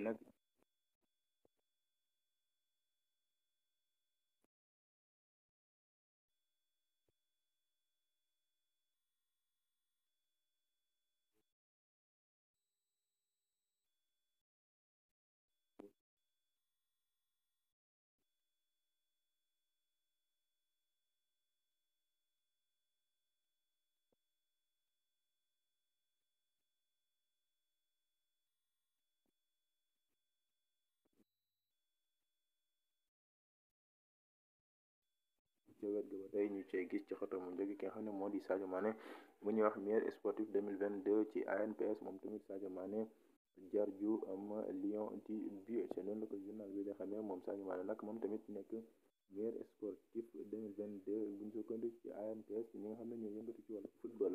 nag ca wet ga ba tey ñu cey gis ci xatam mu njëkk ki xam ne moo di Sadio mu bu ñuy wax meilleur sportif 2022 ci ANPS moom tamit Sadio Mané jar ju am Lion di but ca noonu la ko journal bi nga xamee moom Sadio Mané nag moom tamit nekk meilleur sportif 2022 buñ sukkandiku ci ANPS ñi nga xam ne ñoo yëngatu ci wàllu football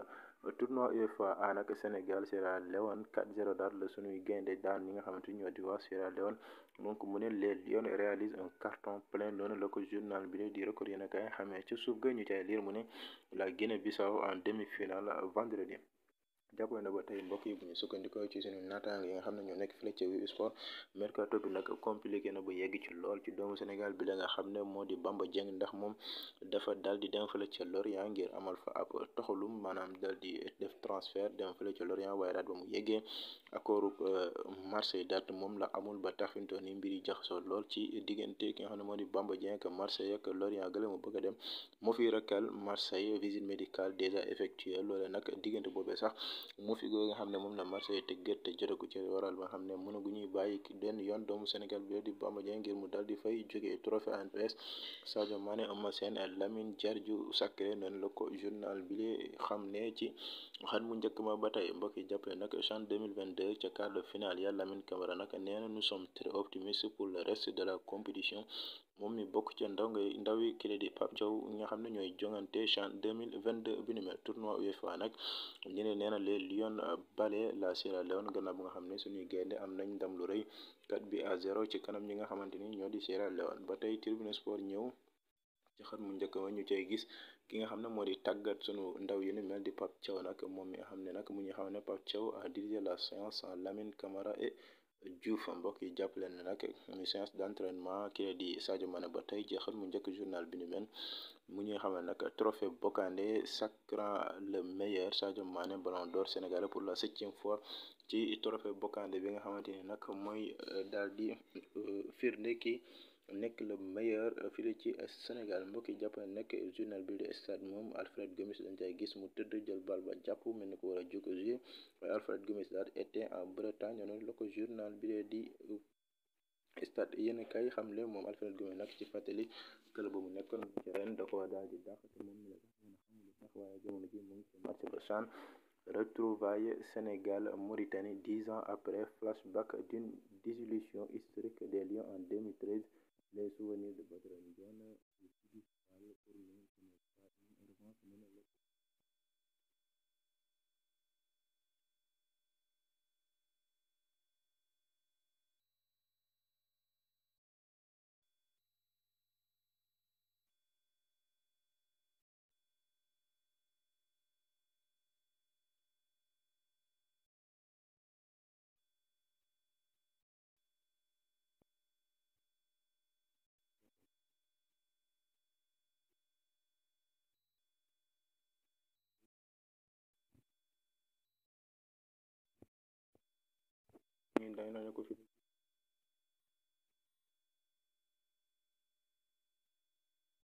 tournoi UEFA A nag Sénégal Sierra Leone 4-0 daal la suñuy gaynde daan ñi nga xamante ñoo di waa Sierra Leone donc mu ne les Lions réalisent un carton plein noonu la journal bi di record yéen a kaay xamee ci suuf ga ñu cay liir mu la Guinée-Bissau en demi-finale vendredi jàppale na ba tey mbokk yi bu ñu sukkandikoo ci suñu naataang yi nga xam ne ñoo nekk fële ca Wii Sport mercato bi nag compliqué na ba yegg ci lool ci doomu Sénégal bi la nga xam ne moo di Bamba Dieng ndax moom dafa dal di dem fële ca yaa ngir amal fa ab toxalu maanaam dal di def transfert dem fële ca Lorient waaye ba mu yeggee accordu euh, Marseille daat moom la amul ba tax fi mu toll nii mbir yi jaxasoo lool ci diggante ki nga xam ne moo di Bamba Dieng que Marseille ak Lorient gële mu bëgg a dem mu fi rakkal Marseille visite médicale déjà effectuée loole nag diggante boobee sax mu fi goo nga xam ne moom la Marseille te gët te jotagu ci waral ba nga xam ne mënagu ñuy bàyyi benn yoon doomu Sénégal bi di Bamba Dieng ngir mu dal fay jógee trophée xamle ci xat mu njëkk ma ba tey mbokk yi jàppale nag CHAN 2022 ca quart de finale ya Lamine Camara nag nee na nous sommes très optimistes pour le reste de la compétition moom mi bokk ca ndaw nga ndaw yi crédit Pape Thiaw nga xam ne ñooy jongante CHAN 2022 bi ni mel tournoi UEFA nag ñu ne nee na les Lions balaye la Sierra Leone gannaaw bu nga xam ne suñuy gaynde am nañ ndam lu rëy 4 bi à 0 ci kanam ñi nga xamante ni ñoo di Sierra Leone ba tey Tribune Sport ñëw ci xët mu njëkk ma ñu cay gis ki nga xam ne moo di tàggat sunu ndaw yi nu mel di Pape Thiaw nag moom mi nga xam ne nag mu ñu xam ne Pape Thiaw a dirigé la séance Lamine Camara et Diouf mbokk yi jàpp leen ne nag muy séance d' entraînement kii di Sadio Mané ba tey ci mu njëkk journal bi ni mel mu ñuy xamal nag trophée Bocandé sacrant le meilleur Sadio Mané ballon d'or sénégalais pour la septième fois ci trophée Bocandé bi nga xamante ni nag mooy euh, daal di euh, firnde ki nekk le meilleur euh, fii ci euh, Sénégal mbokk yi jàpp na nekk journal bi di stade moom Alfred Gomis dañ cay gis mu tëdd jël bal ba jàpp mel ni ko war a jóg jouer waaye Alfred Gomis daal était en Bretagne noonu la ko journal bi di stade yéen kay xamle moom Alfred Gomis nag ci fàttali club mu nekkoon ci ren da ko daal di dàq te moom la sax waaye jamono ji mu ngi ci ba chan Retrouvailles Sénégal-Mauritanie dix ans après flashback d'une dissolution historique des Lions en Les souvenirs de votre indienne, je suis pour ne connaître pas une revanche, mais le ñun tamit noonu la ko fi